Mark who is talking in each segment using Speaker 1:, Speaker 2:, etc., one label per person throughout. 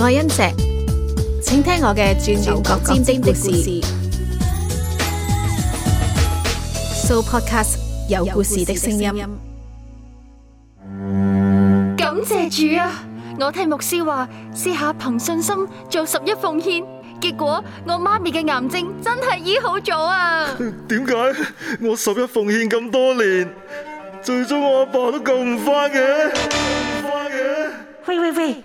Speaker 1: 愛恩石，請聽我嘅轉轉牛角尖尖的故事。So podcast 有故事的聲音。感
Speaker 2: 謝主啊！我聽牧師話，試下憑信心做十一奉獻，結果我媽咪嘅癌症真係醫好咗啊！
Speaker 3: 點解？我十一奉獻咁多年，最終我阿爸都救唔翻嘅，救唔翻
Speaker 2: 嘅。喂喂喂！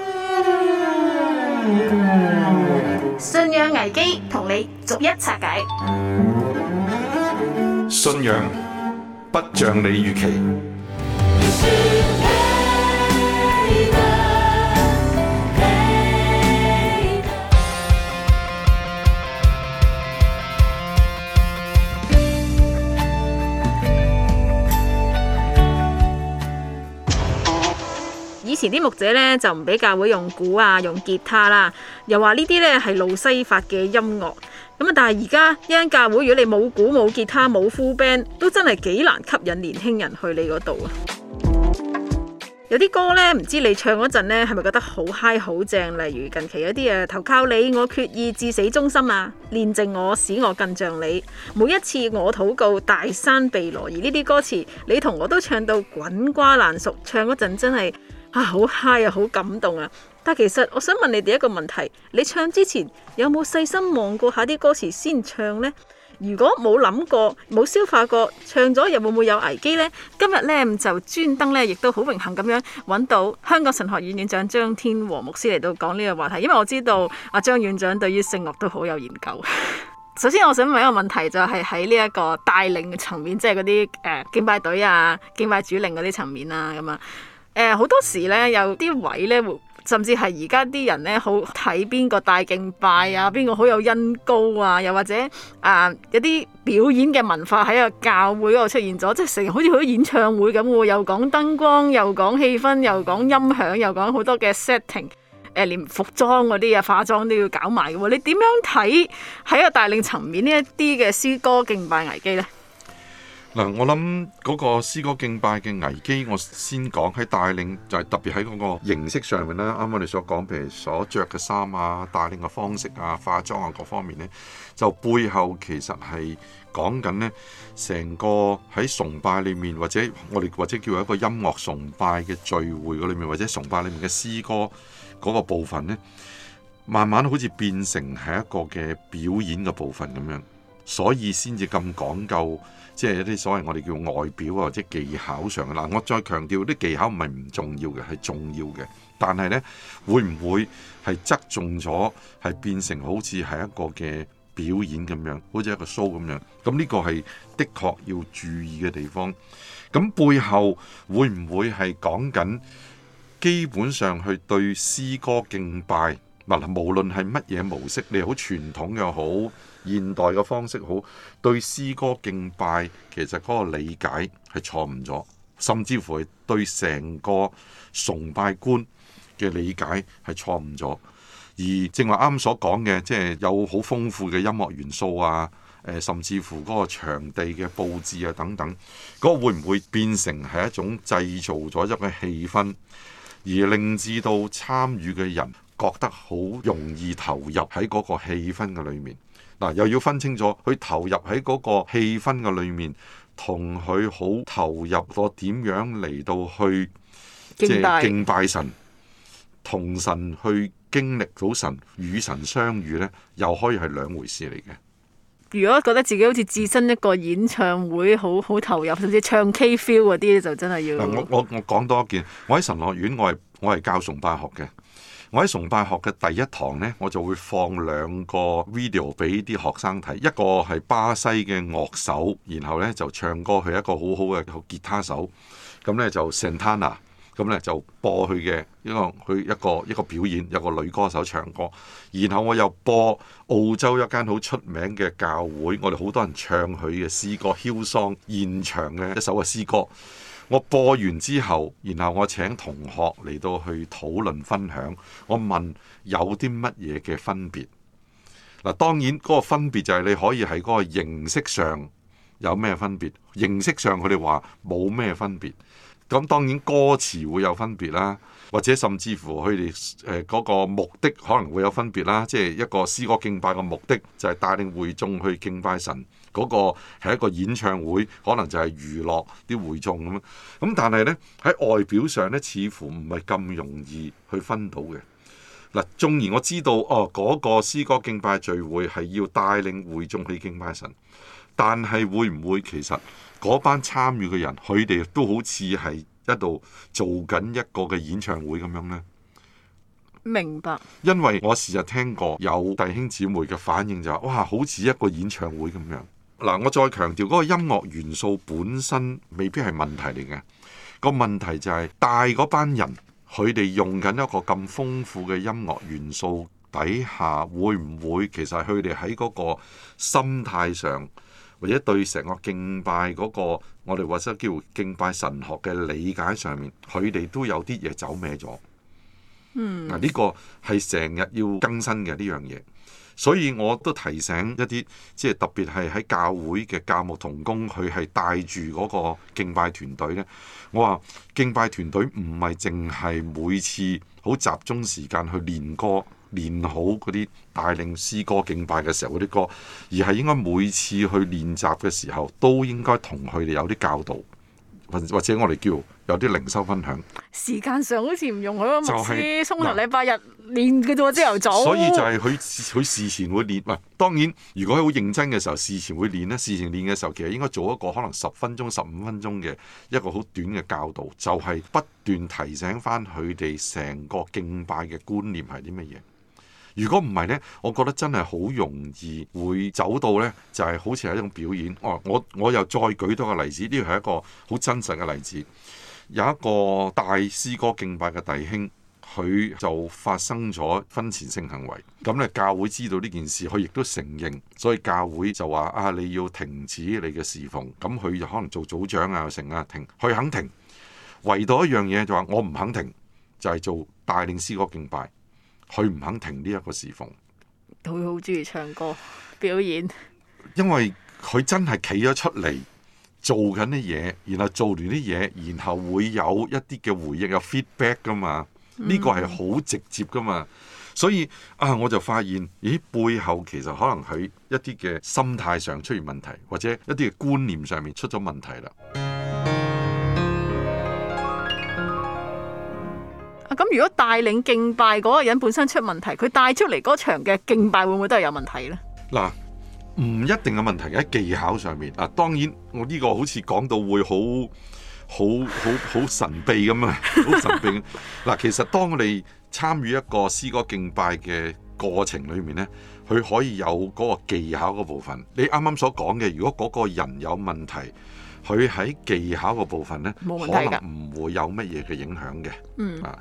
Speaker 1: 信仰危機同你逐一拆解，
Speaker 3: 信仰不像你預期。
Speaker 1: 前啲牧者咧就唔俾教會用鼓啊，用吉他啦，又話呢啲咧係路西法嘅音樂咁啊。但係而家一間教會，如果你冇鼓冇吉他冇 full band，都真係幾難吸引年輕人去你嗰度啊。 有啲歌咧，唔知你唱嗰陣咧係咪覺得好嗨好正？例如近期有啲誒，投靠你，我決意至死忠心啊，煉淨我，使我更像你。每一次我禱告，大山被挪移。而呢啲歌詞，你同我都唱到滾瓜爛熟，唱嗰陣真係。啊，好 high 啊，好感動啊！但其實我想問你第一個問題，你唱之前有冇細心望過下啲歌詞先唱呢？如果冇諗過、冇消化過，唱咗又會唔會有危機呢？今日呢，就專登呢，亦都好榮幸咁樣揾到香港神學院院長張天和牧師嚟到講呢個話題，因為我知道阿張院長對於聖樂都好有研究。 首先，我想問一個問題，就係喺呢一個帶領層面，即係嗰啲誒敬拜隊啊、敬拜主領嗰啲層面啊，咁啊。誒，好、呃、多時咧，有啲位咧，甚至係而家啲人咧，好睇邊個大敬拜啊，邊個好有恩膏啊，又或者啊，一、呃、啲表演嘅文化喺個教會度出現咗，即係成，好似好多演唱會咁喎，又講燈光，又講氣氛，又講音響，又講好多嘅 setting，誒、呃，連服裝嗰啲啊，化妝都要搞埋㗎喎。你點樣睇喺個大領層面呢一啲嘅詩歌敬拜危機咧？
Speaker 3: 嗱，我諗嗰個詩歌敬拜嘅危機，我先講，喺帶領就係、是、特別喺嗰個形式上面咧。啱啱我哋所講，譬如所着嘅衫啊、帶領嘅方式啊、化妝啊各方面咧，就背後其實係講緊咧，成個喺崇拜裏面，或者我哋或者叫一個音樂崇拜嘅聚會嘅裏面，或者崇拜裏面嘅詩歌嗰個部分咧，慢慢好似變成係一個嘅表演嘅部分咁樣。所以先至咁講究，即係一啲所謂我哋叫外表啊，或者技巧上嘅。嗱，我再強調啲技巧唔係唔重要嘅，係重要嘅。但係呢，會唔會係側重咗，係變成好似係一個嘅表演咁樣，好似一個 show 咁樣？咁呢個係的確要注意嘅地方。咁背後會唔會係講緊基本上去對詩歌敬拜？嗱嗱，無論係乜嘢模式，你好傳統又好，現代嘅方式好，對詩歌敬拜，其實嗰個理解係錯誤咗，甚至乎係對成個崇拜觀嘅理解係錯誤咗。而正話啱所講嘅，即係有好豐富嘅音樂元素啊，甚至乎嗰個場地嘅佈置啊等等，嗰個會唔會變成係一種製造咗一個氣氛，而令至到參與嘅人覺得好容易投入喺嗰個氣氛嘅裏面？嗱，又要分清楚，佢投入喺嗰個氣氛嘅裏面，同佢好投入個點樣嚟到去即係敬拜神，同神去經歷到神與神相遇呢，又可以係兩回事嚟嘅。
Speaker 1: 如果覺得自己好似置身一個演唱會，好好投入，甚至唱 K feel 嗰啲，就真係要。我
Speaker 3: 我我講多一件，我喺神學院，我係我係教崇拜學嘅。我喺崇拜學嘅第一堂呢，我就會放兩個 video 俾啲學生睇，一個係巴西嘅樂手，然後呢就唱歌，佢一個好好嘅吉他手，咁呢就 Santana，咁呢就播佢嘅一個佢一個一個表演，一個女歌手唱歌，然後我又播澳洲一間好出名嘅教會，我哋好多人唱佢嘅詩歌 Hillsong，現場嘅一首嘅詩歌。我播完之後，然後我請同學嚟到去討論分享。我問有啲乜嘢嘅分別？嗱，當然嗰個分別就係你可以喺嗰個形式上有咩分別？形式上佢哋話冇咩分別。噉當然歌詞會有分別啦，或者甚至乎佢哋誒嗰個目的可能會有分別啦。即係一個詩歌敬拜嘅目的就係帶領會眾去敬拜神。嗰個係一個演唱會，可能就係娛樂啲會眾咁樣。咁但係呢，喺外表上呢，似乎唔係咁容易去分到嘅。嗱，縱然我知道哦，嗰個詩歌敬拜聚會係要帶領會眾去敬拜神，但係會唔會其實嗰班參與嘅人，佢哋都好似係一度做緊一個嘅演唱會咁樣呢？
Speaker 1: 明白，
Speaker 3: 因為我事實聽過有弟兄姊妹嘅反應就話：哇，好似一個演唱會咁樣。嗱，我再強調，嗰個音樂元素本身未必係問題嚟嘅，個問題就係是，大班人佢哋用緊一個咁豐富嘅音樂元素底下，會唔會其實佢哋喺個心態上，或者對成個敬拜嗰個我哋或者叫敬拜神學嘅理解上面，佢哋都有啲嘢走歪咗。嗯，
Speaker 2: 嗱
Speaker 3: 呢個係成日要更新嘅呢樣嘢。呢個所以我都提醒一啲，即係特別係喺教會嘅教牧同工，佢係帶住嗰個敬拜團隊咧。我話敬拜團隊唔係淨係每次好集中時間去練歌、練好嗰啲帶領詩歌敬拜嘅時候嗰啲歌，而係應該每次去練習嘅時候，都應該同佢哋有啲教導。或者我哋叫有啲靈修分享，
Speaker 1: 時間上好似唔用佢咁，似星期六、禮拜日練嘅啫喎，朝頭早。所以就係
Speaker 3: 佢佢事前會練，唔係當然如果好認真嘅時候，事前會練咧。事前練嘅時候，其實應該做一個可能十分鐘、十五分鐘嘅一個好短嘅教導，就係、是、不斷提醒翻佢哋成個敬拜嘅觀念係啲乜嘢。如果唔係呢，我覺得真係好容易會走到呢。就係、是、好似係一種表演。我我我又再舉多個例子，呢個係一個好真實嘅例子。有一個帶詩歌敬拜嘅弟兄，佢就發生咗婚前性行為。咁咧，教會知道呢件事，佢亦都承認，所以教會就話啊，你要停止你嘅侍奉。咁佢就可能做組長啊，成啊停，佢肯停。唯獨一樣嘢就話我唔肯停，就係、是、做帶領詩歌敬拜。佢唔肯停呢一個侍奉，
Speaker 1: 佢好中意唱歌表演，
Speaker 3: 因為佢真係企咗出嚟做緊啲嘢，然後做完啲嘢，然後會有一啲嘅回憶有 feedback 噶嘛，呢、這個係好直接噶嘛，嗯、所以啊我就發現，咦背後其實可能佢一啲嘅心態上出現問題，或者一啲嘅觀念上面出咗問題啦。
Speaker 1: 咁、啊、如果帶領敬拜嗰個人本身出問題，佢帶出嚟嗰場嘅敬拜會唔會都係有問題呢？
Speaker 3: 嗱，唔一定嘅問題喺技巧上面。嗱，當然我呢、這個好似講到會好好好好神秘咁啊，好神秘。嗱， 其實當我哋參與一個詩歌敬拜嘅過程裏面呢，佢可以有嗰個技巧嗰部分。你啱啱所講嘅，如果嗰個人有問題。佢喺技巧個部分呢，可能唔會有乜嘢嘅影響嘅。嗯，啊，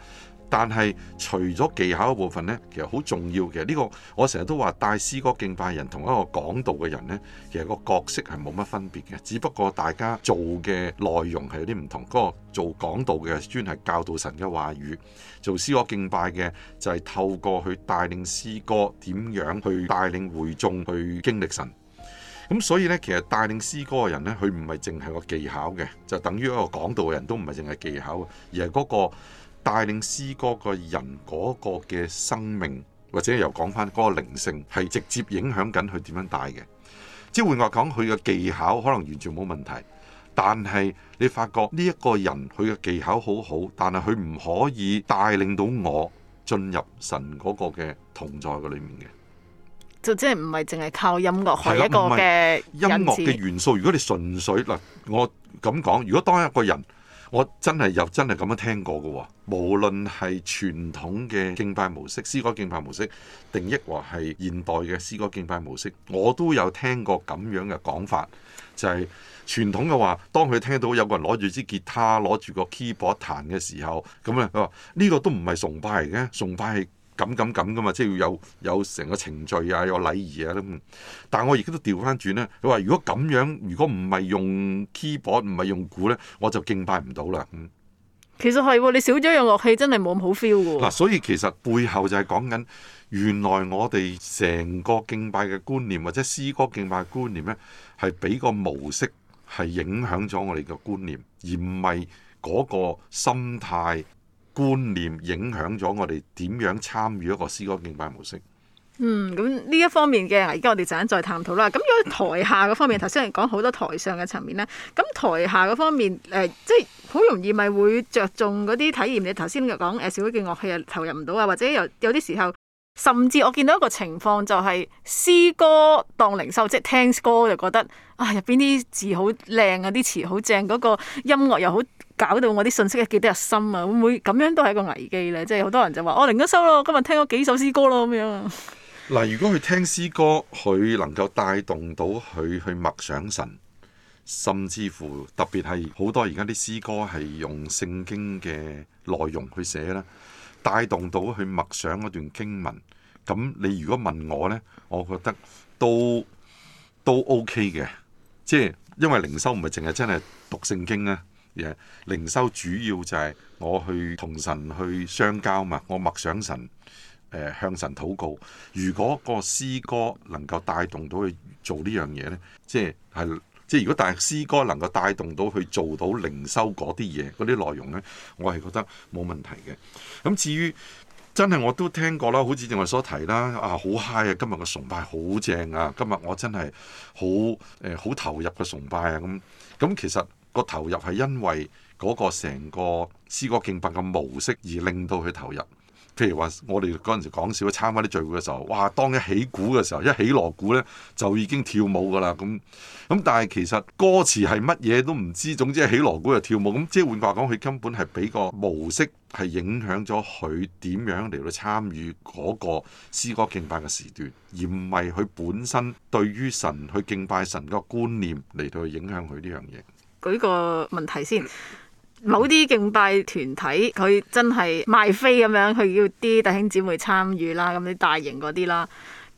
Speaker 3: 但係除咗技巧嗰部分呢，其實好重要嘅。呢個我成日都話，帶詩歌敬拜人同一個講道嘅人呢，其實個角色係冇乜分別嘅，只不過大家做嘅內容係有啲唔同。嗰個做講道嘅專係教導神嘅話語，做詩歌敬拜嘅就係透過去帶領詩歌點樣去帶領會眾去經歷神。咁所以呢，其實帶領詩歌嘅人呢，佢唔係淨係個技巧嘅，就等於一個講道嘅人都唔係淨係技巧，而係嗰個帶領詩歌個人嗰個嘅生命，或者又講翻嗰個靈性，係直接影響緊佢點樣帶嘅。即係換話講，佢嘅技巧可能完全冇問題，但係你發覺呢一個人佢嘅技巧好好，但係佢唔可以帶領到我進入神嗰個嘅同在嘅面嘅。
Speaker 1: 就即係唔係淨係靠音樂去一個嘅音樂嘅
Speaker 3: 元素，如果你純粹嗱，我咁講，如果當一個人我真係又真係咁樣聽過嘅喎，無論係傳統嘅敬拜模式、詩歌敬拜模式，定抑或係現代嘅詩歌敬拜模式，我都有聽過咁樣嘅講法，就係、是、傳統嘅話，當佢聽到有個人攞住支吉他、攞住個 keyboard 彈嘅時候，咁咧佢話呢個都唔係崇拜嚟嘅，崇拜係。咁咁咁噶嘛，即係要有有成個程序啊，有禮儀啊咁。但係我而家都調翻轉咧，你話如果咁樣，如果唔係用 keyboard 唔係用鼓咧，我就敬拜唔到啦。嗯、
Speaker 1: 其實係、哦，你少咗樣樂器真係冇咁好 feel 噶、哦。嗱，
Speaker 3: 所以其實背後就係講緊，原來我哋成個敬拜嘅觀念或者詩歌敬拜嘅觀念咧，係俾個模式係影響咗我哋嘅觀念，而唔係嗰個心態。觀念影響咗我哋點樣參與一個詩歌敬拜模式。
Speaker 1: 嗯，咁呢一方面嘅，而家我哋陣間再探討啦。咁如果台下嗰方面，頭先講好多台上嘅層面咧，咁台下嗰方面，誒、呃，即係好容易咪會着重嗰啲體驗。你頭先講誒，詩歌嘅樂器，又投入唔到啊，或者有有啲時候。甚至我見到一個情況，就係詩歌當靈修，即係聽歌就覺得啊，入邊啲字好靚啊，啲詞好正，嗰個音樂又好，搞到我啲信息記得入心啊！會唔會咁樣都係一個危機呢？即係好多人就話我靈修咗咯，今日聽咗幾首詩歌咯咁樣。
Speaker 3: 嗱，如果佢聽詩歌，佢能夠帶動到佢去默想神，甚至乎特別係好多而家啲詩歌係用聖經嘅內容去寫啦。帶動到去默想嗰段經文，咁你如果問我呢，我覺得都都 OK 嘅，即係因為靈修唔係淨係真係讀聖經啊，嘢靈修主要就係我去同神去相交嘛，我默想神，向神禱告，如果個詩歌能夠帶動到去做呢樣嘢呢，即係係。即係如果但係詩歌能夠帶動到去做到靈修嗰啲嘢，嗰啲內容咧，我係覺得冇問題嘅。咁至於真係我都聽過啦，好似正話所提啦，啊好嗨啊，high，今日個崇拜好正啊，今日我真係好誒好、呃、投入嘅崇拜啊，咁咁其實個投入係因為嗰個成個詩歌敬拜嘅模式而令到佢投入。譬如話我哋嗰陣時講笑，參加啲聚會嘅時候，哇！當一起鼓嘅時候，一起鑼鼓呢，就已經跳舞噶啦。咁咁，但係其實歌詞係乜嘢都唔知，總之係起鑼鼓就跳舞。咁即係換句話講，佢根本係俾個模式係影響咗佢點樣嚟到參與嗰個詩歌敬拜嘅時段，而唔係佢本身對於神去敬拜神個觀念嚟到去影響佢呢樣嘢。
Speaker 1: 舉個問題先。某啲敬拜團體，佢真係賣飛咁樣，佢叫啲弟兄姊妹參與啦，咁啲大型嗰啲啦，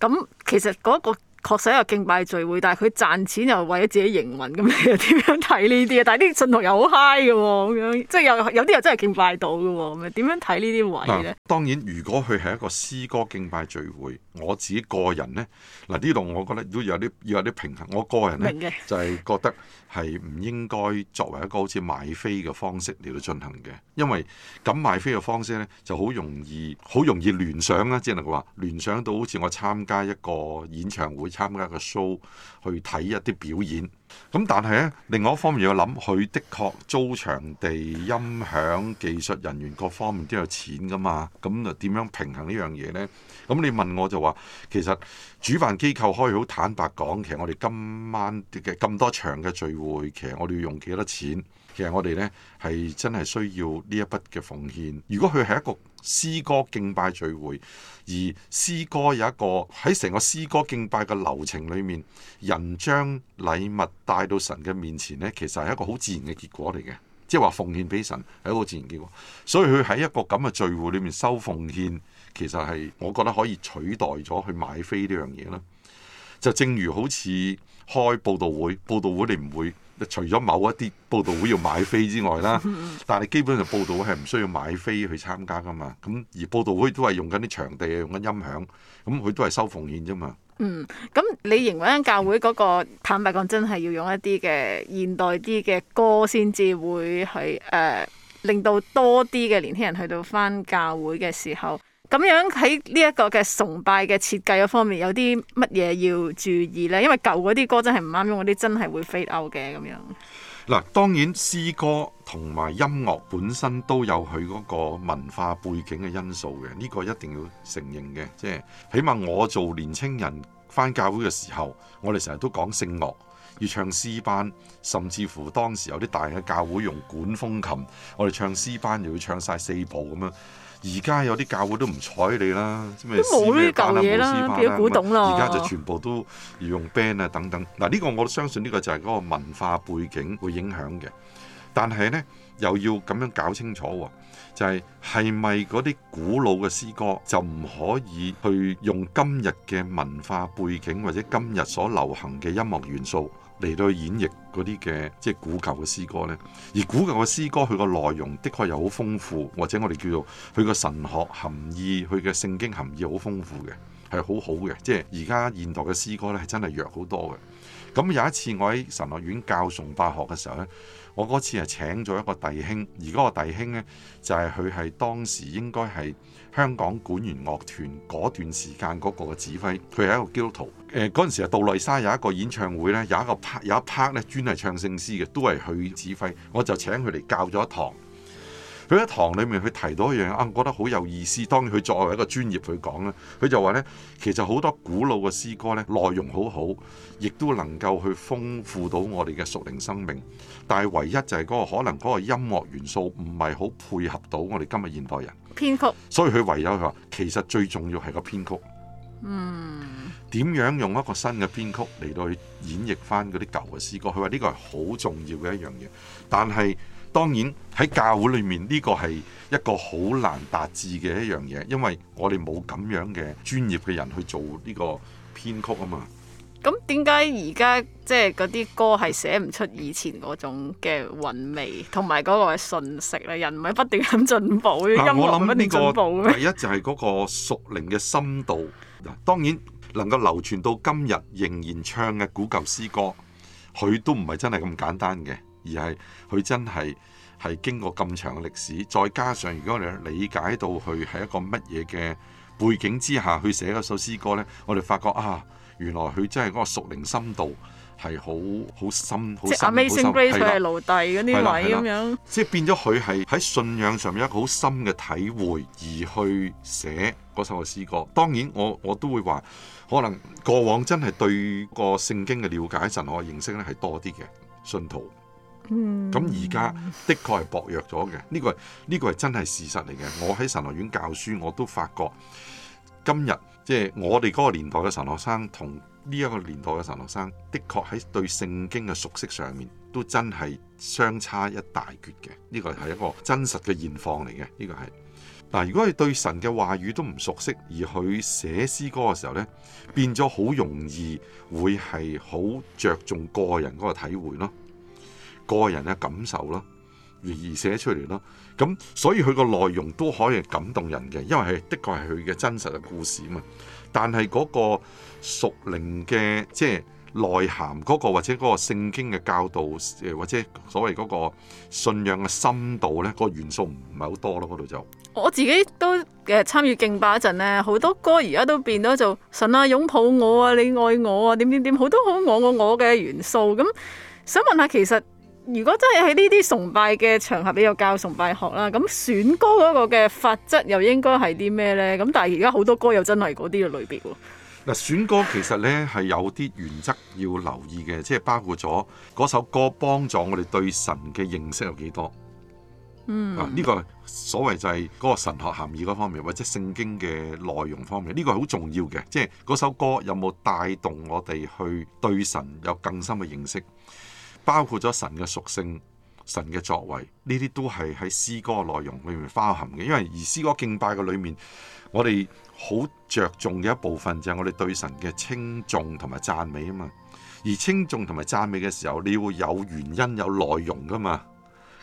Speaker 1: 咁其實嗰、嗰個。確實有敬拜聚會，但係佢賺錢又為咗自己營運，咁你又點樣睇呢啲啊？但係呢啲信徒又好 high 嘅，咁、嗯、樣即係有有啲人真係敬拜到嘅，咁樣點樣睇呢啲位咧？
Speaker 3: 當然，如果佢係一個詩歌敬拜聚會，我自己個人呢，嗱呢度我覺得都有啲要有啲平衡。我個人呢，白就係覺得係唔應該作為一個好似買飛嘅方式嚟到進行嘅，因為咁買飛嘅方式呢，就好容易好容易聯想啦，只能話聯想到好似我參加一個演唱會。參加個 show 去睇一啲表演，咁但係咧，另外一方面要諗，佢的確租場地、音響、技術人員各方面都有錢噶嘛，咁啊點樣平衡呢樣嘢呢？咁你問我就話，其實主辦機構可以好坦白講，其實我哋今晚嘅咁多場嘅聚會，其實我哋要用幾多錢？其實我哋呢係真係需要呢一筆嘅奉獻。如果佢係一個詩歌敬拜聚會，而詩歌有一個喺成個詩歌敬拜嘅流程裏面，人將禮物帶到神嘅面前呢，其實係一個好自然嘅結果嚟嘅，即係話奉獻俾神係一個自然結果。所以佢喺一個咁嘅聚會裏面收奉獻，其實係我覺得可以取代咗去買飛呢樣嘢啦。就正如好似開報道會，報道會你唔會。除咗某一啲佈道會要買飛之外啦，但係基本上佈道會係唔需要買飛去參加㗎嘛。咁而佈道會都係用緊啲場地，用緊音響，咁佢都係收奉獻啫嘛。嗯，
Speaker 1: 咁你認為間教會嗰、嗰個坦白講真係要用一啲嘅現代啲嘅歌先至會係誒、呃、令到多啲嘅年輕人去到返教會嘅時候？咁樣喺呢一個嘅崇拜嘅設計方面有啲乜嘢要注意呢？因為舊嗰啲歌真係唔啱用，嗰啲真係會飛鈎嘅咁樣。
Speaker 3: 嗱，當然詩歌同埋音樂本身都有佢嗰個文化背景嘅因素嘅，呢個一定要承認嘅。即係起碼我做年青人返教會嘅時候，我哋成日都講聖樂，要唱詩班，甚至乎當時有啲大嘅教會用管風琴，我哋唱詩班又要唱晒四部咁樣。而家有啲教會都唔睬你啦，都冇呢啲舊嘢啦，啲古董咯。而家就全部都要用 band 啊等等。嗱，呢個我相信呢個就係嗰個文化背景會影響嘅，但係呢又要咁樣搞清楚，啊，就係係咪嗰啲古老嘅詩歌就唔可以去用今日嘅文化背景或者今日所流行嘅音樂元素？嚟到演繹嗰啲嘅即係古舊嘅詩歌呢。而古舊嘅詩歌佢個內容的確又好豐富，或者我哋叫做佢個神學含義、佢嘅聖經含義好豐富嘅，係好好嘅。即係而家現代嘅詩歌呢，係真係弱好多嘅。咁有一次我喺神樂院教崇拜學嘅時候咧，我嗰次係請咗一個弟兄，而嗰個弟兄呢，就係佢係當時應該係香港管弦樂團嗰段時間嗰個嘅指揮，佢係一個基督徒。誒，嗰陣時杜麗莎有一個演唱會咧，有一個 part 有一 part 咧專係唱聖詩嘅，都係佢指揮，我就請佢嚟教咗一堂。佢喺堂裏面佢提到一樣啊，覺得好有意思。當然佢作為一個專業去講咧，佢就話咧，其實好多古老嘅詩歌咧，內容好好，亦都能夠去豐富到我哋嘅屬靈生命。但係唯一就係嗰個可能嗰個音樂元素唔係好配合到我哋今日現代人編曲。所以佢唯有話，其實最重要係個編曲。嗯，點樣用一個新嘅編曲嚟到去演繹翻嗰啲舊嘅詩歌？佢話呢個係好重要嘅一樣嘢，但係。當然喺教會裏面呢個係一個好難達至嘅一樣嘢，因為我哋冇咁樣嘅專業嘅人去做呢個編曲啊嘛。
Speaker 1: 咁點解而家即係嗰啲歌係寫唔出以前嗰種嘅韻味，同埋嗰個嘅訊息，人唔係不斷咁進步，那 樂我樂唔係進步，第一
Speaker 3: 就係嗰個熟練嘅深度嗱。當然能夠流傳到今日仍然唱嘅古舊詩歌，佢都唔係真係咁簡單嘅。而係佢真係係經過咁長嘅歷史，再加上如果我哋理解到佢係一個乜嘢嘅背景之下去寫嗰首詩歌呢，我哋發覺啊，原來佢真係嗰個屬靈深度係好好深、好深、好深、係即係 Amazing
Speaker 1: Grace 係奴隸嗰啲位咁樣，的
Speaker 3: 的即係變咗佢係喺信仰上面一個好深嘅體會，而去寫嗰首嘅詩歌。當然我，我我都會話，可能過往真係對個聖經嘅了解，神學認識咧係多啲嘅信徒。咁而家的確係薄弱咗嘅，呢、這個呢、這個係真係事實嚟嘅。我喺神學院教書，我都發覺今日即係、就是、我哋嗰個年代嘅神學生，同呢一個年代嘅神學生，的確喺對聖經嘅熟悉上面，都真係相差一大截嘅。呢、這個係一個真實嘅現況嚟嘅。呢、這個係嗱，如果係對神嘅話語都唔熟悉，而佢寫詩歌嘅時候呢，變咗好容易會係好着重個人嗰個體會咯。個人嘅感受咯，而而寫出嚟咯，咁所以佢個內容都可以感動人嘅，因為係的確係佢嘅真實嘅故事啊嘛。但係嗰個屬靈嘅即係內涵嗰個或者嗰個聖經嘅教導，誒或者所謂嗰個信仰嘅深度咧，個元素唔唔係好多咯，嗰度就
Speaker 1: 我自己都誒參與敬拜嗰陣咧，好多歌而家都變咗做神啊擁抱我啊，你愛我啊，點點點，好多好我我我嘅元素。咁想問下其實。如果真係喺呢啲崇拜嘅場合，你又教崇拜學啦，咁選歌嗰個嘅法則又應該係啲咩呢？咁但係而家好多歌又真係嗰啲嘅類別喎。
Speaker 3: 嗱，選歌其實呢係有啲原則要留意嘅，即係包括咗嗰首歌幫助我哋對神嘅認識有幾多。
Speaker 2: 嗯，呢、啊，呢
Speaker 3: 個所謂就係嗰個神學含義嗰方面，或者聖經嘅內容方面，呢、呢個好重要嘅，即係嗰首歌有冇帶動我哋去對神有更深嘅認識。包括咗神嘅屬性、神嘅作為，呢啲都係喺詩歌內容裏面包含嘅。因為而詩歌敬拜嘅裏面，我哋好着重嘅一部分就係我哋對神嘅稱頌同埋讚美啊嘛。而稱頌同埋讚美嘅時候，你會有原因、有內容噶嘛。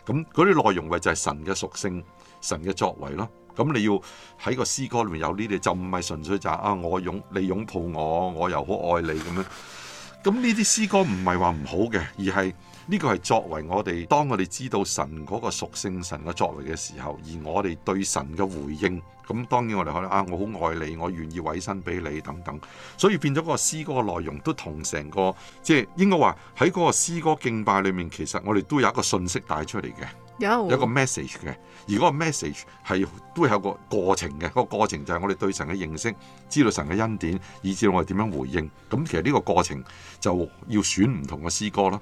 Speaker 3: 咁嗰啲內容咪就係神嘅屬性、神嘅作為咯。咁你要喺個詩歌裏面有呢啲，就唔係純粹就係，啊我擁你擁抱我，我又好愛你咁樣。咁呢啲詩歌唔係話唔好嘅，而係呢個係作為我哋當我哋知道神嗰個屬性、神嘅作為嘅時候，而我哋對神嘅回應。咁當然我哋可能啊，我好愛你，我願意委身俾你等等。所以變咗個詩歌嘅內容都同成個即係應該話喺嗰個詩歌敬拜裏面，其實我哋都有一個信息帶出嚟嘅。有一個 message 嘅，而嗰個 message 係都會有個過程嘅，嗰個過程就係我哋對神嘅認識，知道神嘅恩典，以至我哋點樣回應。咁其實呢個過程就要選唔同嘅詩歌囉。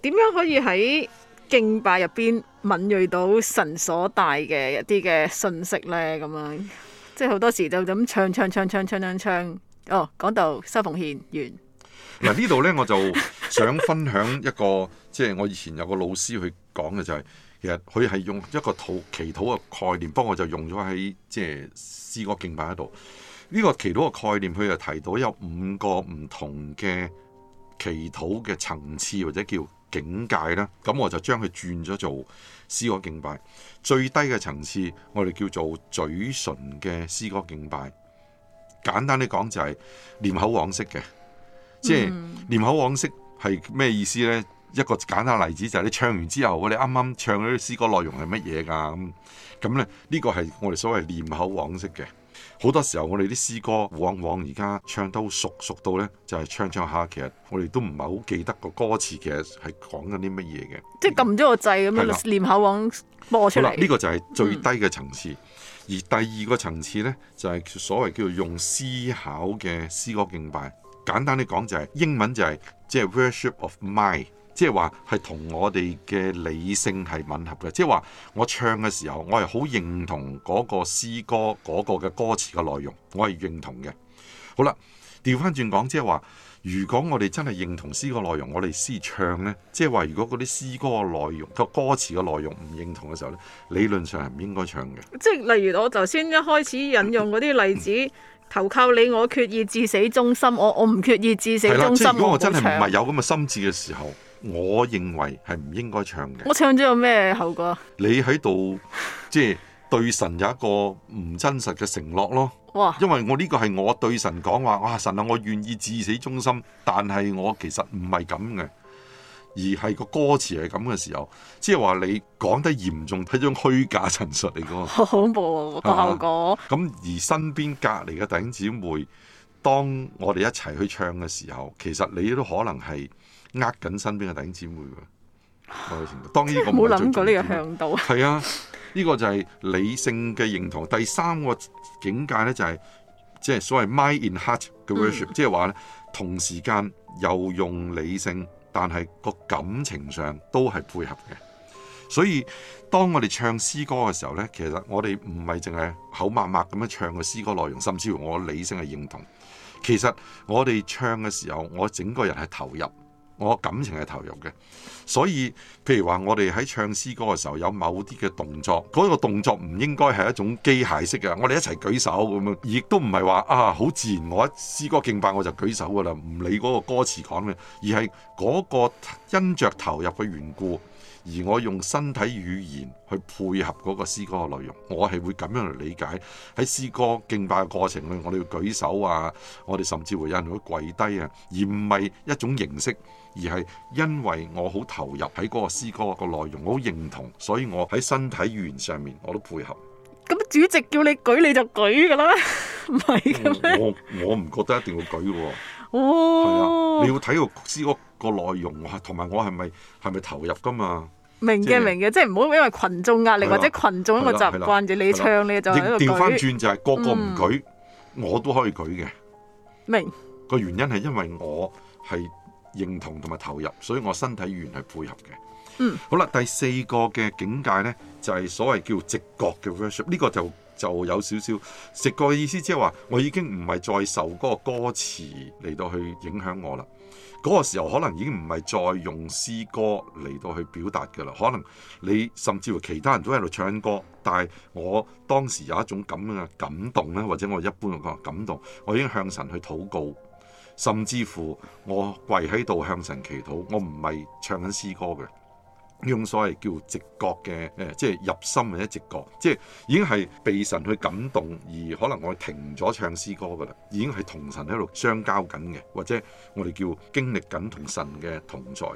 Speaker 1: 點樣可以喺敬拜入邊敏銳到神所帶嘅一啲嘅信息呢？咁啊，即係好多時就咁唱唱唱唱唱唱唱。哦，講到收奉獻完。
Speaker 3: 嗱、啊，呢度呢，我就想分享一個， 即係我以前有個老師去講嘅、就是，就係其實佢係用一個禱祈禱嘅概念，不過我就用咗喺即係詩歌敬拜嗰度。呢、這個祈禱嘅概念，佢就提到有五個唔同嘅祈禱嘅層次，或者叫～境界啦，咁我就將佢轉咗做詩歌敬拜，最低嘅層次我哋叫做嘴唇嘅詩歌敬拜。簡單啲講就係念口簧嘅，即係念口簧係咩意思呢？一個簡單例子就係你唱完之後，你剛剛這個、我哋啱啱唱嗰啲詩歌內容係乜嘢噶咁咁咧？呢個係我哋所謂念口簧嘅。好多時候，我哋啲詩歌往往而家唱都熟熟到呢，就係、是、唱唱下，其實我哋都唔係好記得個歌詞，其實係講緊啲乜嘢嘅。
Speaker 1: 即係撳咗個掣咁樣就唸口往播出嚟。呢、這個就
Speaker 3: 係最低嘅層次。嗯、而第二個層次呢，就係、是、所謂叫做用思考嘅詩歌敬拜。簡單啲講就係、是、英文就係、是、即係、就、worship、是、of mind。即係話係同我哋嘅理性係吻合嘅，即係話我唱嘅時候，我係好認同嗰個詩歌嗰個嘅歌詞嘅內容，我係認同嘅。好啦，調翻轉講，即係話，如果我哋真係認同詩歌內容，我哋詩唱呢？即係話如果嗰啲詩歌內容個歌詞嘅內容唔認同嘅時候呢，理論上係唔應該唱嘅。
Speaker 1: 即係例如我頭先一開始引用嗰啲例子，投靠你，我決意至死忠心，我我唔決意至死忠心。即係如果我真係唔係
Speaker 3: 有咁嘅心智嘅時候。我認為係唔應該唱嘅。我
Speaker 1: 唱咗有咩後果？
Speaker 3: 你喺度即係對神有一個唔真實嘅承諾咯哇。哇！因為我呢個係我對神講話，我話神啊，我願意至死忠心，但係我其實唔係咁嘅，而係個歌詞係咁嘅時候，即係話你講得嚴重係一種虛假陳述嚟嘅。
Speaker 1: 好恐怖個效果。
Speaker 3: 咁 而身邊隔籬嘅弟兄姊妹，當我哋一齊去唱嘅時候，其實你都可能係。呃，緊身邊嘅弟兄姊妹喎，當呢個唔係最重點。冇諗 過呢個向度。係啊，呢、這個就係理性嘅認同。第三個境界呢，就係、是，即係所謂 mind and heart 嘅 worship，即係話呢，同時間又用理性，但係個感情上都係配合嘅。所以當我哋唱詩歌嘅時候呢，其實我哋唔係淨係口默默咁樣唱個詩歌內容，甚至乎我理性係認同。其實我哋唱嘅時候，我整個人係投入。我感情係投入嘅，所以譬如話，我哋喺唱詩歌嘅時候有某啲嘅動作，嗰個動作唔應該係一種機械式嘅。我哋一齊舉手咁樣，亦都唔係話啊好自然，我一詩歌敬拜我就舉手㗎啦，唔理嗰個歌詞講咩，而係嗰個因着投入嘅緣故。而我用身體語言去配合嗰個詩歌嘅內容，我係會咁樣嚟理解喺詩歌敬拜嘅過程裏，我哋要舉手啊，我哋甚至會有人會跪低啊，而唔係一種形式，而係因為我好投入喺嗰個詩歌個內容，我好認同，所以我喺身體語言上面我都配合。
Speaker 1: 咁主席叫你舉你就舉㗎啦，唔係㗎咩？
Speaker 3: 我我唔覺得一定要舉喎。哦，係
Speaker 1: 啊，你要
Speaker 3: 睇個詩歌個內容，同埋我係咪係咪投入㗎嘛？
Speaker 1: 明嘅，明嘅，即係唔好因為群眾壓力的或者群眾嘅習慣，就你唱咧就喺度舉。調翻轉就係個個唔舉，嗯、
Speaker 3: 我都可以舉嘅。明個白原因係因為我係認同同埋投入，所以我身體語言係配合嘅。嗯，好啦，第四個嘅境界咧，就係、是、所謂叫直覺嘅 worship 呢個就就有少少直覺嘅意思，即係話我已經唔係再受嗰個歌詞嚟到去影響我啦。嗰個時候可能已經唔係再用詩歌嚟到去表達嘅啦，可能你甚至乎其他人都喺度唱緊歌，但係我當時有一種咁樣嘅感動咧，或者我一般咁講感動，我已經向神去禱告，甚至乎我跪喺度向神祈禱，我唔係唱緊詩歌嘅。用所謂叫直覺嘅誒、呃，即係入心或者直覺，即係已經係被神去感動，而可能我哋停咗唱詩歌噶啦，已經係同神喺度相交緊嘅，或者我哋叫經歷緊同神嘅同在。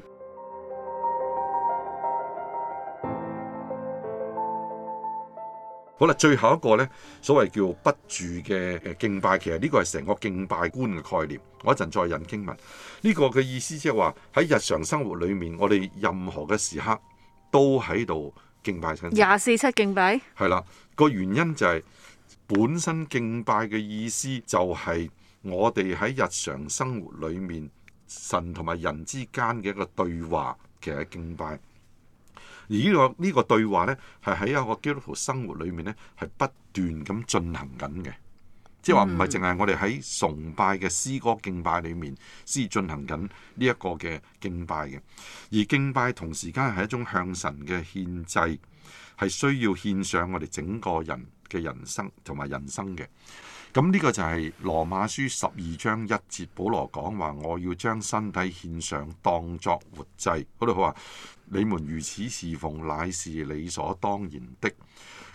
Speaker 3: 好啦，最後一個咧，所謂叫不住嘅誒敬拜，其實呢個係成個敬拜觀嘅概念。我一陣再引經文，呢、這個嘅意思即係話喺日常生活裏面，我哋任何嘅時刻都喺度敬拜神。廿
Speaker 1: 四七敬拜，
Speaker 3: 係啦，個原因就係、是、本身敬拜嘅意思就係我哋喺日常生活裏面神同埋人之間嘅一個對話，其實敬拜。而呢個呢個對話呢，係喺一個基督徒生活裏面呢，係不斷咁進行緊嘅。即係話唔係淨係我哋喺崇拜嘅詩歌敬拜裡面先進行緊呢一個嘅敬拜嘅。而敬拜同時間係一種向神嘅獻祭，係需要獻上我哋整個人嘅人生同埋人生嘅。咁呢個就係羅馬書十二章一節，保羅講話我要將身體獻上，當作活祭。好啦、啊，佢話。你們如此侍奉，乃是理所當然的。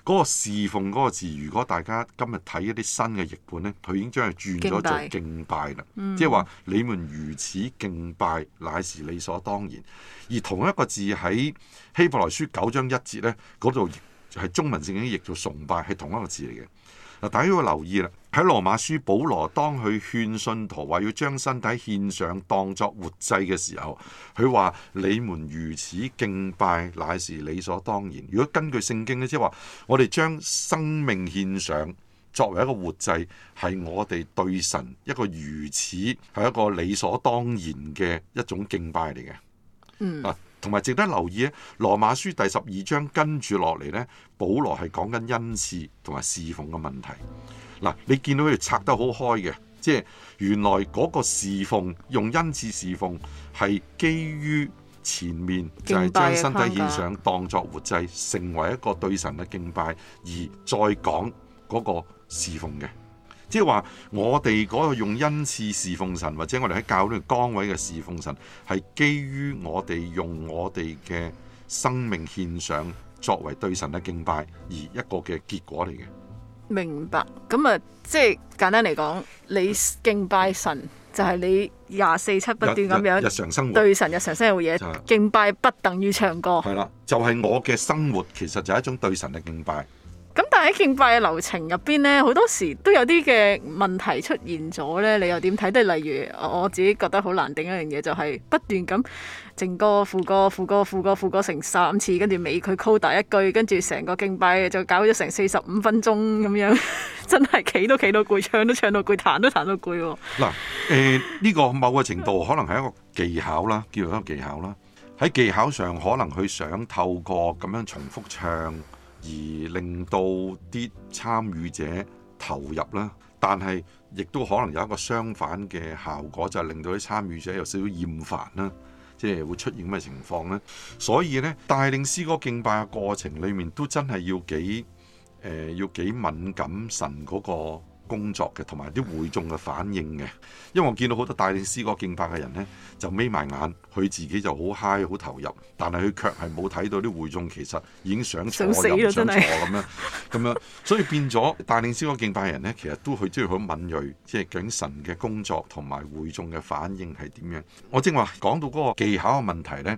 Speaker 3: 嗰個侍奉嗰個字，如果大家今日睇一啲新嘅譯本咧，佢已經將佢轉咗做敬拜啦。即係話你們如此敬拜，乃是理所當然。而同一個字喺希伯來書九章一節咧，嗰度係中文聖經譯做崇拜，係同一個字嚟嘅。嗱，大家要留意啦！喺羅馬書保羅當佢勸信徒話要將身體獻上當作活祭嘅時候，佢話：你們如此敬拜，乃是理所當然。如果根據聖經咧，即係話我哋將生命獻上作為一個活祭，係我哋對神一個如此係一個理所當然嘅一種敬拜嚟嘅。嗯。同埋值得留意，《羅馬書》第十二章跟住落嚟呢，保羅係講緊恩賜同埋侍奉嘅問題。嗱，你見到佢哋拆得好開嘅，即係原來嗰個侍奉用恩賜侍奉係基於前面就係、是、將身體獻上當作活祭，成為一個對神嘅敬拜，而再講嗰個侍奉嘅。即係話，我哋嗰個用恩賜侍奉神，或者我哋喺教會崗位嘅侍奉神，係基於我哋用我哋嘅生命獻上，作為對神嘅敬拜而一個嘅結果嚟嘅。
Speaker 1: 明白，咁啊，即係簡單嚟講，你敬拜神就係你廿四七不斷咁樣日常生活對神日常生活嘢，敬拜不等於唱歌。係
Speaker 3: 啦，就係、就係、係、我嘅生活，其實就係一種對神嘅敬拜。
Speaker 1: 咁但係喺敬拜嘅流程入邊咧，好多時都有啲嘅問題出現咗咧。你又點睇？即係例如我自己覺得好難頂一樣嘢，就係、是、不斷咁靜歌、副歌、副歌、副歌、副歌成三次，跟住尾佢高大一句，跟住成個敬拜就搞咗成四十五分鐘咁樣，真係企都企到攰，唱都唱到攰，都彈都彈到攰喎。
Speaker 3: 嗱，誒、呃、呢、這個某個程度 可能係一個技巧啦，叫做一個技巧啦。喺技巧上，可能佢想透過咁樣重複唱。而令到啲參與者投入啦，但係亦都可能有一個相反嘅效果，就係、是、令到啲參與者有少少厭煩啦，即係會出現咩情況呢？所以呢，帶領詩歌敬拜嘅過程裡面，都真係要幾誒、呃，要幾敏感神嗰、那個工作嘅，同埋啲會眾嘅反應嘅，因為我見到好多帶領詩歌敬拜嘅人呢，就眯埋眼，佢自己就好嗨、好投入，但係佢卻係冇睇到啲會眾其實已經想坐又唔想坐咁樣咁樣，所以變咗帶領詩歌敬拜嘅人呢，其實都佢都要好敏銳，即係究竟神嘅工作同埋會眾嘅反應係點樣？我正話講到嗰個技巧嘅問題呢。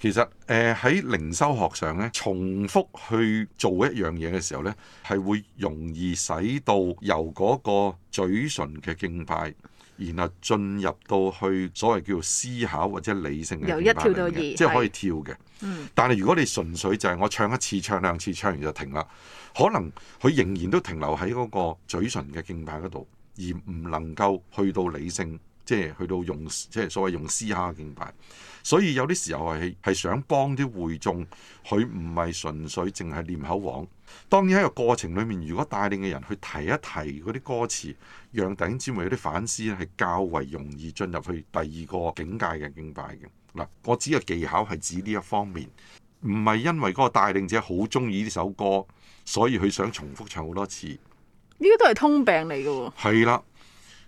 Speaker 3: 其實誒喺靈修學上咧，重複去做一樣嘢嘅時候咧，係會容易使到由嗰個嘴唇嘅敬拜，然後進入到去所謂叫做思考或者理性嘅即係可以跳嘅。的但係如果你純粹就係我唱一次、唱兩次，唱完就停啦，可能佢仍然都停留喺嗰個嘴唇嘅敬拜嗰度，而唔能夠去到理性，即係去到用，即係所謂用思考嘅敬拜。所以有啲時候係係想幫啲會眾，佢唔係純粹淨係念口簧。當然喺個過程裏面，如果帶領嘅人去提一提嗰啲歌詞，讓弟兄姊妹有啲反思，係較為容易進入去第二個境界嘅敬拜嘅。嗱，我指嘅技巧係指呢一方面，唔係因為嗰個帶領者好中意呢首歌，所以佢想重複唱好多次。
Speaker 1: 呢個都係通病嚟㗎喎。
Speaker 3: 係啦，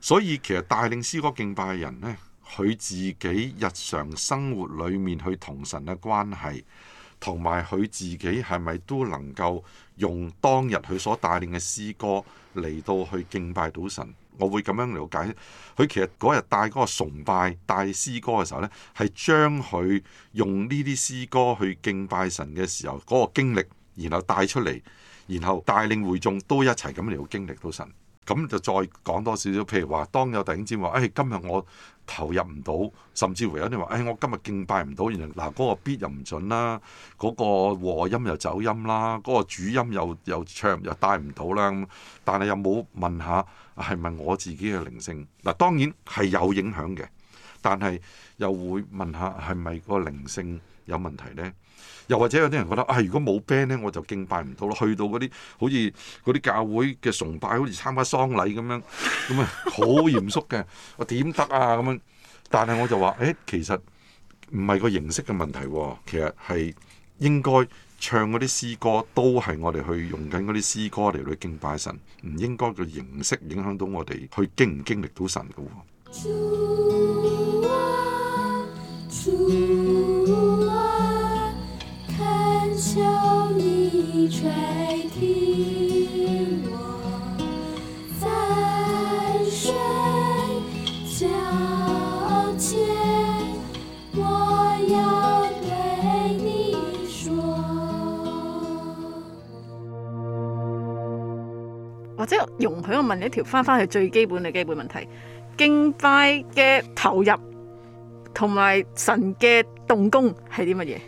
Speaker 3: 所以其實帶領詩歌敬拜嘅人呢。佢自己日常生活裏面，去同神嘅關係，同埋佢自己係咪都能夠用當日佢所帶領嘅詩歌嚟到去敬拜到神？我會咁樣了解佢。其實嗰日帶嗰個崇拜帶詩歌嘅時候咧，係將佢用呢啲詩歌去敬拜神嘅時候嗰個經歷，然後帶出嚟，然後帶領會眾都一齊咁嚟到經歷到神。咁就再講多少少，譬如話當有弟兄姊妹話：，哎，今日我，投入唔到，甚至乎有啲話：，誒，我今日敬拜唔到，原來嗱，嗰個 beat 又唔準啦，嗰個和音又走音啦，嗰個主音又又唱又帶唔到啦。但係又冇問下係咪我自己嘅靈性嗱，當然係有影響嘅，但係又會問下係咪個靈性有問題咧？又或者有啲人覺得啊，如果冇 band 咧，我就敬拜唔到咯。去到嗰啲好似嗰啲教會嘅崇拜，好似參加喪禮咁樣，咁啊好嚴肅嘅，我點得啊咁、啊、樣？但係我就話誒、欸，其實唔係個形式嘅問題、啊，其實係應該唱嗰啲詩歌都係我哋去用緊嗰啲詩歌嚟去敬拜神，唔應該個形式影響到我哋去經唔經歷到神嘅、啊。
Speaker 2: 或
Speaker 1: 者容許我問你一條翻翻去最基本嘅基本問題，敬拜嘅投入同埋神嘅動工係啲乜嘢？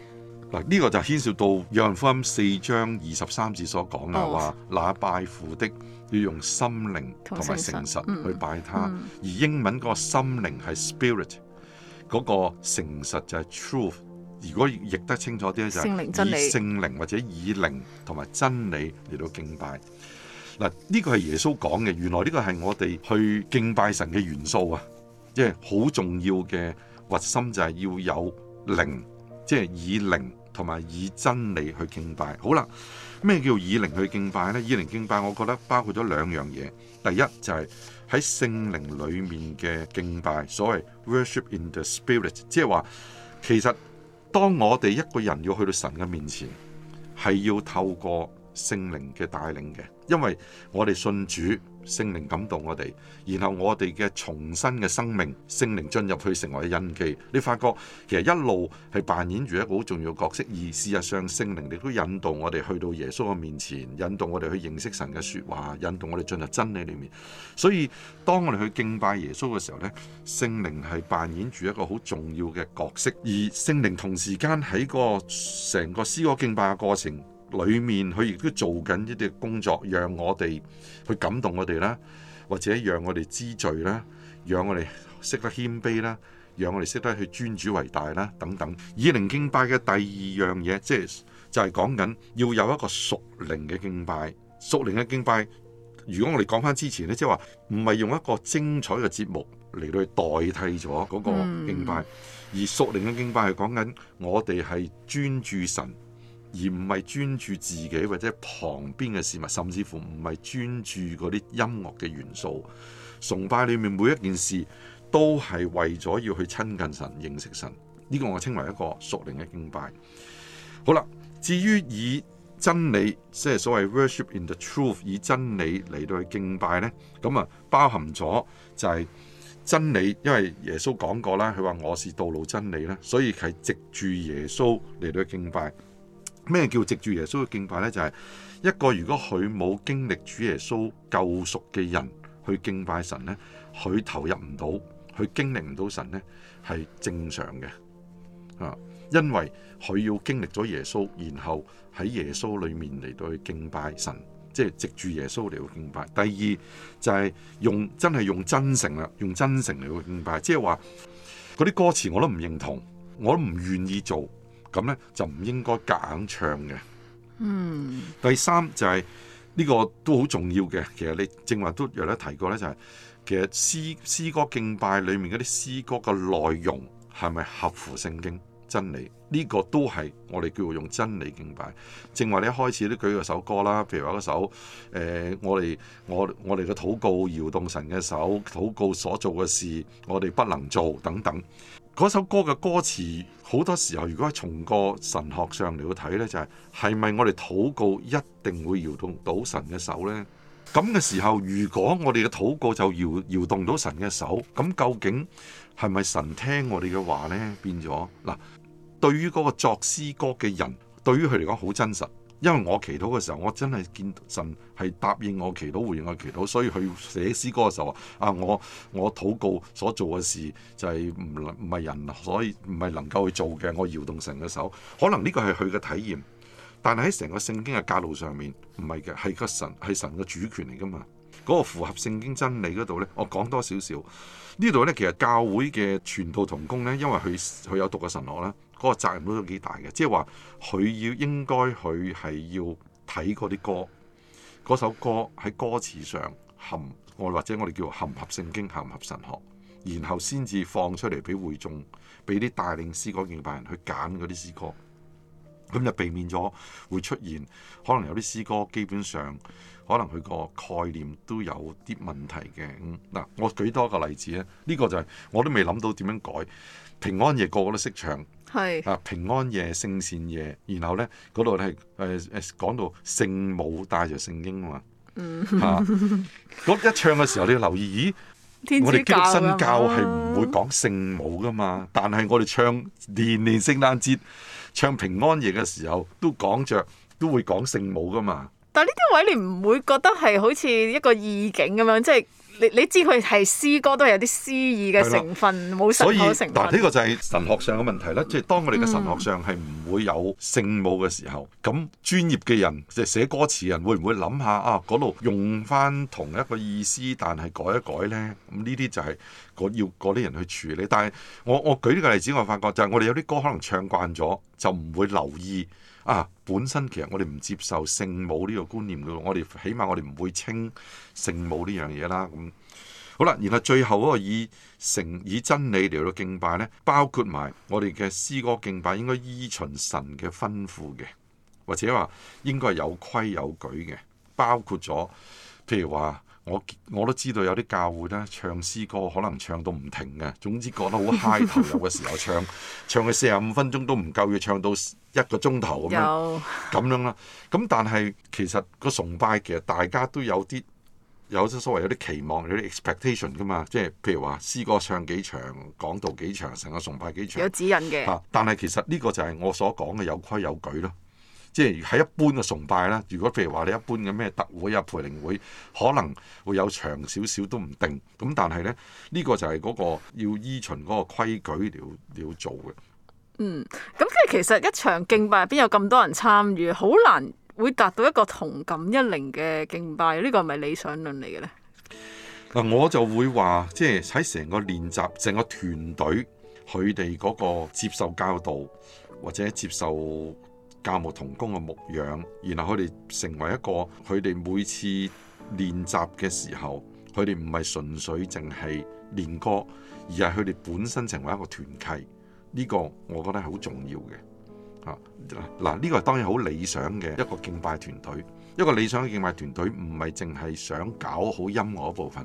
Speaker 3: 嗱，呢個就牽涉到《約翰福音四章二十三節》所講啊，話那拜父的要用心靈同埋誠實去拜他，嗯嗯、而英文嗰個心靈係 spirit，嗰個誠實就係 truth。如果譯得清楚啲咧，就係以聖靈或者以靈同埋真理嚟到敬拜。嗱，呢個係耶穌講嘅，原來呢個係我哋去敬拜神嘅元素啊，即係好重要嘅核心就係要有靈，即係以靈。同埋以真理去敬拜，好啦。咩叫以靈去敬拜呢？以靈敬拜，我覺得包括咗兩樣嘢。第一就係喺聖靈裡面嘅敬拜，所謂 worship in the Spirit，即係話其實當我哋一個人要去到神嘅面前，係要透過聖靈嘅帶領嘅，因為我哋信主。聖靈感動我哋，然後我哋嘅重生嘅生命，聖靈進入去成為嘅印記。你發覺其實一路係扮演住一個好重要嘅角色，而事實上聖靈亦都引導我哋去到耶穌嘅面前，引導我哋去認識神嘅說話，引導我哋進入真理裏面。所以當我哋去敬拜耶穌嘅時候呢，聖靈係扮演住一個好重要嘅角色，而聖靈同時間喺個成個詩歌敬拜嘅過程。裏面佢亦都做緊一啲工作，讓我哋去感動我哋啦，或者讓我哋知罪啦，讓我哋識得謙卑啦，讓我哋識得去尊主為大啦，等等。以靈敬拜嘅第二樣嘢，即係就係講緊要有一個屬靈嘅敬拜。屬靈嘅敬拜，如果我哋講翻之前咧，即係話唔係用一個精彩嘅節目嚟到去代替咗嗰個敬拜，嗯。而屬靈嘅敬拜係講緊我哋係專注神。而唔係專注自己或者旁邊嘅事物，甚至乎唔係專注嗰啲音樂嘅元素。崇拜裡面每一件事都係為咗要去親近神、認識神。呢個我稱為一個屬靈嘅敬拜。好啦，至於以真理即係所謂 worship in the truth，以真理嚟到去敬拜呢，咁啊包含咗就係真理。因為耶穌講過啦，佢話我是道路真理啦，所以係藉住耶穌嚟到去敬拜。咩叫藉住耶穌嘅敬拜呢？就係一個如果佢冇經歷主耶穌救贖嘅人去敬拜神呢，佢投入唔到，佢經歷唔到神呢係正常嘅。啊，因為佢要經歷咗耶穌，然後喺耶穌裡面嚟到去敬拜神，即係藉住耶穌嚟到敬拜。第二就係用，用真係用真誠啦，用真誠嚟去敬拜。即係話嗰啲歌詞我都唔認同，我都唔願意做。咁咧就唔應該夾硬唱嘅。嗯。第三就係、是、呢、這個都好重要嘅。其實你正話都有咧提過咧，就係、是、其實詩詩歌敬拜裡面嗰啲詩歌嘅內容係咪合乎聖經真理？呢、這個都係我哋叫做用真理敬拜。正話你一開始都舉個首歌啦，譬如話嗰首誒、呃，我哋我我哋嘅禱告搖動神嘅手，禱告所做嘅事，我哋不能做等等。嗰首歌嘅歌詞好多時候，如果從個神學上嚟去睇呢，就係：「係咪我哋禱告一定會搖動到神嘅手呢？」咁嘅時候，如果我哋嘅禱告就搖搖動到神嘅手，咁究竟係咪神聽我哋嘅話呢？變咗嗱，對於嗰個作詩歌嘅人，對於佢嚟講，好真實。因為我祈禱嘅時候，我真係見神係答應我祈禱，回應我祈禱，所以佢寫詩歌嘅時候啊，啊我我禱告所做嘅事就係唔唔係人所以唔係能夠去做嘅，我搖動神嘅手，可能呢個係佢嘅體驗，但係喺成個聖經嘅教導上面唔係嘅，係個神係神嘅主權嚟㗎嘛，嗰、那個符合聖經真理嗰度呢，我講多少少呢度呢，其實教會嘅傳道同工呢，因為佢佢有讀過神學啦。嗰個責任都都幾大嘅，即係話佢要應該佢係要睇嗰啲歌，嗰首歌喺歌詞上含我或者我哋叫做含合聖經、含合神學，然後先至放出嚟俾會眾，俾啲帶領詩歌敬拜人去揀嗰啲詩歌，咁就避免咗會出現可能有啲詩歌基本上可能佢個概念都有啲問題嘅。嗱，嗯，我舉多個例子咧，呢個就係我都未諗到點樣改平安夜個，個個都識唱。係啊，是平安夜、聖善夜，然後咧嗰度咧誒誒講到聖母帶着聖嬰啊嘛，
Speaker 2: 吓 、
Speaker 3: 啊、一唱嘅時候你要留意，咦，
Speaker 2: 我哋基督新教
Speaker 3: 係唔會講聖母噶嘛，啊、但係我哋唱年年聖誕節唱平安夜嘅時候都講着，都會講聖母噶嘛。
Speaker 1: 但係呢啲位你唔會覺得係好似一個意境，咁樣，即、就、係、是。你你知佢係詩歌都係有啲詩意嘅成分，冇神學成分。所以嗱，呢個就
Speaker 3: 係神學上嘅問題啦。即係當我哋嘅神學上係唔會有聖母嘅時候，咁，嗯，專業嘅人即係寫歌詞人會唔會諗下啊嗰度用返同一個意思，但係改一改咧？咁呢啲就係要嗰啲人去處理。但係我我舉呢個例子，我發覺就係我哋有啲歌可能唱慣咗，就唔會留意。啊！本身其實我哋唔接受聖母呢個觀念嘅，我哋起碼我哋唔會稱聖母呢樣嘢啦。咁好啦，然後最後嗰個以成以真理嚟到敬拜咧，包括埋我哋嘅詩歌敬拜應該依循神嘅吩咐嘅，或者話應該係有規有矩嘅，包括咗譬如話。我我都知道有啲教會呢，唱詩歌可能唱到唔停嘅，總之覺得好嗨，投入嘅時候唱， 唱佢四十五分鐘都唔夠，要唱到一個鐘頭咁樣咁有 樣啦。咁但係其實個崇拜其實大家都有啲有啲所謂有啲期望有啲 expectation 噶嘛，即係譬如話詩歌唱幾長，講到幾長，成個崇拜幾長，有指引嘅、啊。但係其實呢個就係我所講嘅有規有矩咯。即係喺一般嘅崇拜啦。如果譬如話你一般嘅咩特會啊、培靈會，可能會有長少少都唔定。咁但係咧，呢、這個就係嗰個要依循嗰個規矩嚟要，要做嘅。
Speaker 1: 嗯，咁即係其實一場敬拜入邊有咁多人參與，好難會達到一個同感一靈嘅敬拜。呢、這個係咪理想論嚟嘅咧？
Speaker 3: 嗱、嗯，我就會話，即係喺成個練習、成個團隊，佢哋嗰個接受教導或者接受。教牧同工嘅牧養，然後佢哋成為一個，佢哋每次練習嘅時候，佢哋唔係純粹淨係練歌，而係佢哋本身成為一個團契。呢個我覺得係好重要嘅。吓、嗱，呢個當然好理想嘅一個敬拜團隊，一個理想嘅敬拜團隊唔係淨係想搞好音樂部分，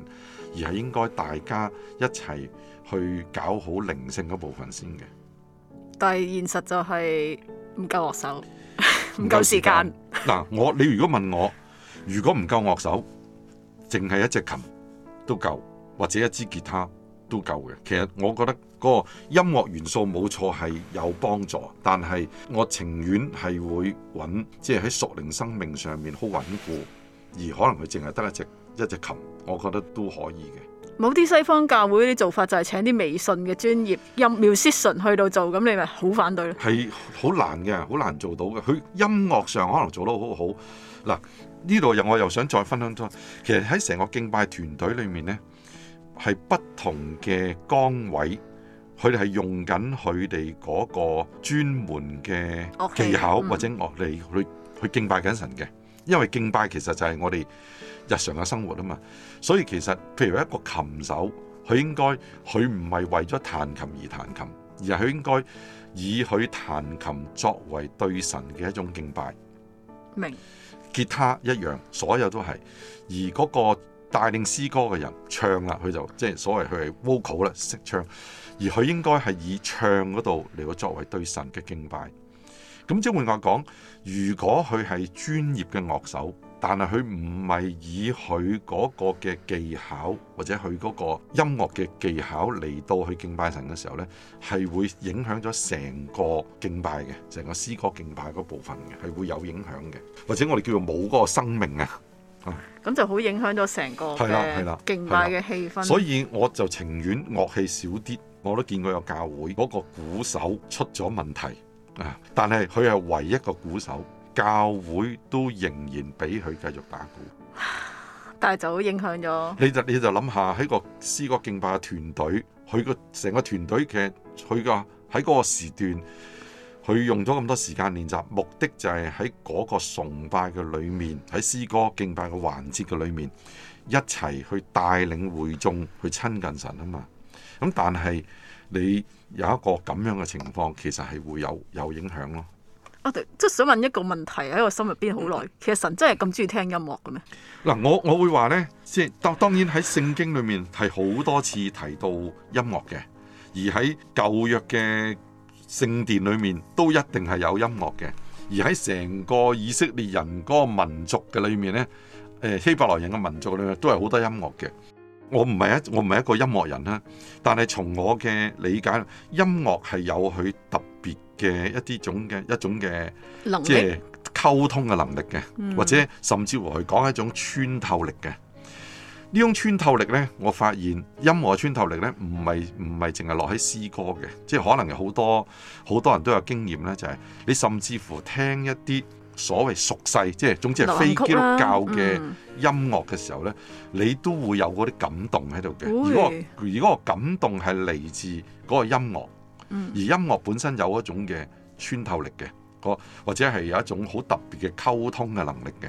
Speaker 3: 而係應該大家一齊去搞好靈性嗰部分先嘅。
Speaker 1: 但係現實就係。唔夠樂手，唔夠時間。
Speaker 3: 嗱 時、 啊，我你如果問我，如果唔夠樂手，淨係一隻琴都夠，或者一支吉他都夠嘅。其實我覺得嗰個音樂元素冇錯係有幫助，但係我情願係會揾，即係喺屬靈生命上面好穩固，而可能佢淨係得一隻一隻琴，我覺得都可以嘅。
Speaker 1: 某啲西方教會啲做法就係請啲微信嘅專業音樂去到做，咁你咪好反對咯？
Speaker 3: 係好難嘅，好難做到嘅。佢音樂上可能做得好好。嗱，呢度又我又想再分享咗，其實喺成個敬拜團隊裏面咧，係不同嘅崗位，佢哋係用緊佢哋嗰個專門嘅技巧 okay、嗯、或者我哋去去敬拜緊神嘅。因為敬拜其實就係我哋日常嘅生活啊嘛，所以其實譬如一個琴手，佢應該佢唔係為咗彈琴而彈琴，而係佢應該以佢彈琴作為對神嘅一種敬拜。
Speaker 1: 明白，
Speaker 3: 吉他一樣，所有都係。而嗰個帶領詩歌嘅人唱啦，佢就即係所謂佢係 vocal 啦，識唱，而佢應該係以唱嗰度嚟到作為對神嘅敬拜。咁即係換話講，如果佢係專業嘅樂手，但係佢唔係以佢嗰個嘅技巧，或者佢嗰個音樂嘅技巧嚟到去敬拜神嘅時候呢，係會影響咗成個敬拜嘅，成個詩歌敬拜嗰部分嘅，係會有影響嘅，或者我哋叫做冇嗰個生命啊， 啊，
Speaker 1: 咁就好影響咗成個係啦係啦敬拜嘅氣氛。所以
Speaker 3: 我就情願樂器少啲。我都見過有教會嗰、嗰個鼓手出咗問題啊，但係佢係唯一一個鼓手。教會都仍然俾佢繼續打鼓，
Speaker 1: 但係就好影響咗。
Speaker 3: 你就你就諗下喺個詩歌敬拜嘅團隊，佢個成個團隊其實佢個喺嗰個時段，佢用咗咁多時間練習，目的就係喺嗰個崇拜嘅裏面，喺詩歌敬拜嘅環節嘅裏面，一齊去帶領會眾去親近神啊嘛。咁但係你有一個咁樣嘅情況，其實係會有有影響咯。
Speaker 1: 我哋即係想問一個問題喺我心入邊好耐，其實神真係咁中意聽音樂嘅咩？
Speaker 3: 嗱，我我會話咧，即係當當然喺聖經裏面係好多次提到音樂嘅，而喺舊約嘅聖殿裏面都一定係有音樂嘅，而喺成個以色列人嗰個民族嘅裏面咧，誒希伯來人嘅民族裏面咧都係好多音樂嘅。我唔係一我唔係一個音樂人啦，但係從我嘅理解，音樂係有佢特別嘅一啲種嘅一種嘅，能力，即係溝通嘅能力嘅，嗯、或者甚至乎佢講一種穿透力嘅。呢種穿透力咧，我發現音樂嘅穿透力咧，唔係唔係淨係落喺詩歌嘅，即係可能有好多好多人都有經驗咧，就係、是、你甚至乎聽一啲。所謂俗世，即係總之係非基督教嘅音樂嘅時候咧，嗯、你都會有嗰啲感動喺度嘅。如果、嗰個如果、嗯、個感動係嚟自嗰個音樂，而音樂本身有一種嘅穿透力嘅，或者係有一種好特別嘅溝通嘅能力嘅。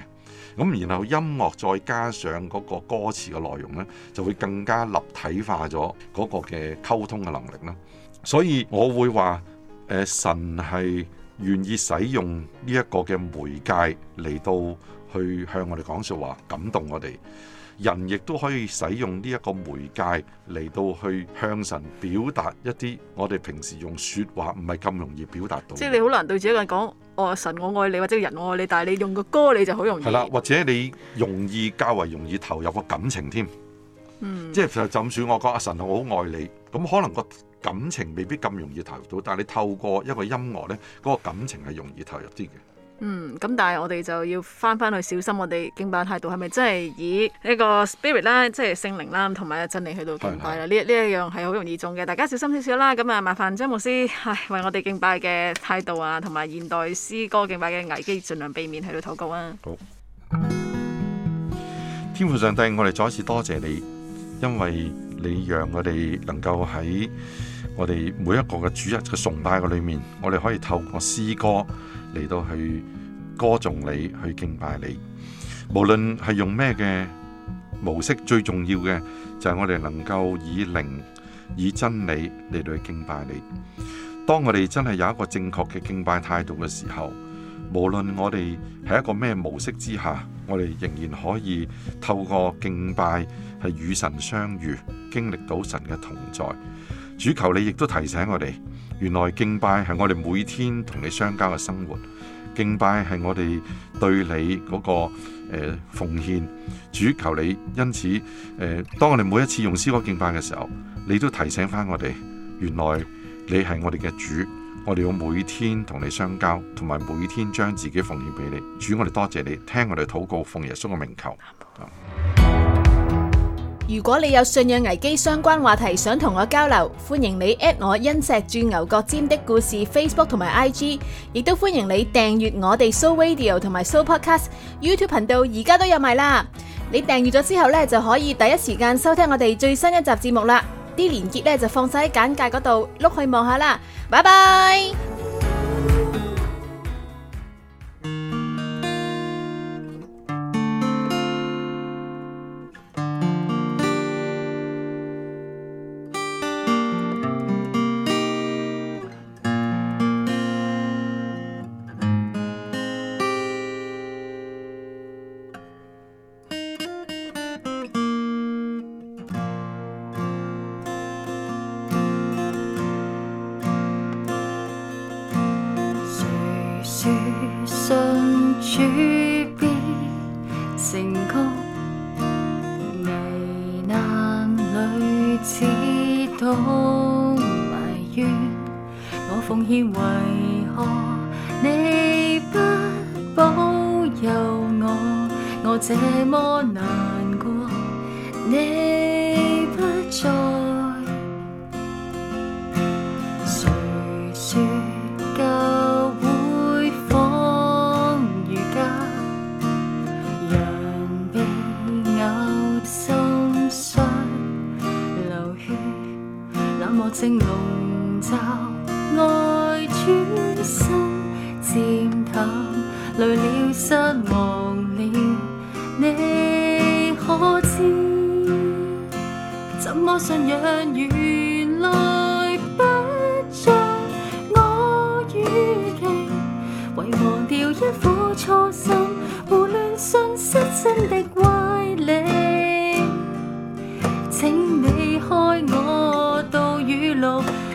Speaker 3: 咁然後音樂再加上嗰個歌詞嘅內容咧，就會更加立體化咗嗰個嘅溝通嘅能力啦。所以我會話，誒、呃、神係。願意使用呢一個嘅媒介嚟到去向我哋講説話，感動我哋。人亦都可以使用呢一個媒介嚟到去向神表達一啲我哋平時用説話唔係咁容易表達到。即
Speaker 1: 係你好難對自己個人講，我、哦、神我愛你，或者人我愛你，但係你用個歌你就好容易。係啦，
Speaker 3: 或者你容易較為容易投入個感情添。
Speaker 1: 嗯，即
Speaker 3: 係就就算我講阿神，我好愛你，咁可能個。感情未必咁容易投入到，但係你透過一個音樂呢，嗰個感情係容易投入啲嘅。
Speaker 1: 嗯，咁但係我哋就要翻翻去小心，我哋敬拜態度係咪真係以一個 Spirit 啦，即係聖靈啦，同埋真理去到敬拜啦？呢呢是一樣係好容易中嘅，大家小心少少啦。咁啊，麻煩張牧師，唉，為我哋敬拜嘅態度啊，同埋現代詩歌敬拜嘅危機，盡量避免去到禱告啊。
Speaker 3: 好，天父上帝，我哋再一次多謝你，因為。你讓我哋能夠喺我哋每一個嘅主日嘅崇拜裏面，我哋可以透過詩歌嚟到去歌頌你，去敬拜你。無論係用咩嘅模式，最重要嘅就係我哋能夠以靈、以真理嚟到去敬拜你。當我哋真係有一個正確嘅敬拜態度嘅時候。無論我哋喺一個咩模式之下，我哋仍然可以透過敬拜係與神相遇，經歷到神嘅同在。主求你亦都提醒我哋，原來敬拜係我哋每天同你相交嘅生活，敬拜係我哋對你嗰個奉獻。主求你因此誒，當我哋每一次用詩歌敬拜嘅時候，你都提醒返我哋，原來你係我哋嘅主。我哋要每天同你相交，同埋每天將自己奉獻俾你。主，我哋多謝你聽我哋禱告，奉耶穌嘅名求。
Speaker 1: 如果你有信仰危機相關話題想同我交流，歡迎你 at 我因石鑽牛角尖的故事 Facebook 同埋 IG，亦都歡迎你訂閱我哋 Show Radio 同埋 Show Podcast YouTube 頻道，而家都有賣啦。你訂閱咗之後咧，就可以第一時間收聽我哋最新一集節目啦。啲連結咧就放晒喺簡介嗰度，碌去望下啦，拜拜。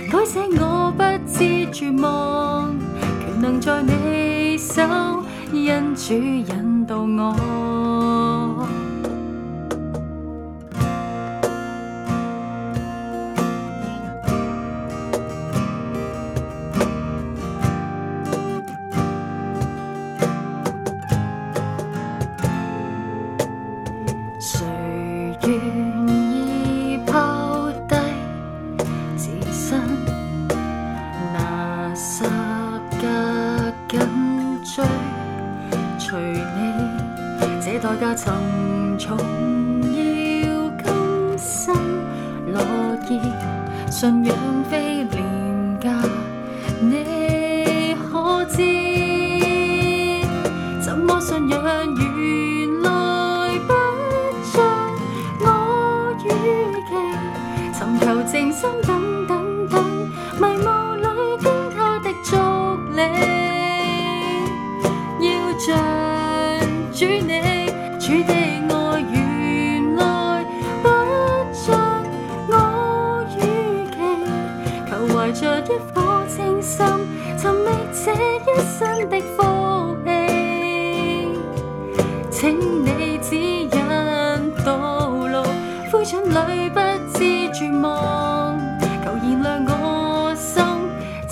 Speaker 2: 改寫我不知絕望，權能在你手，因主引導我。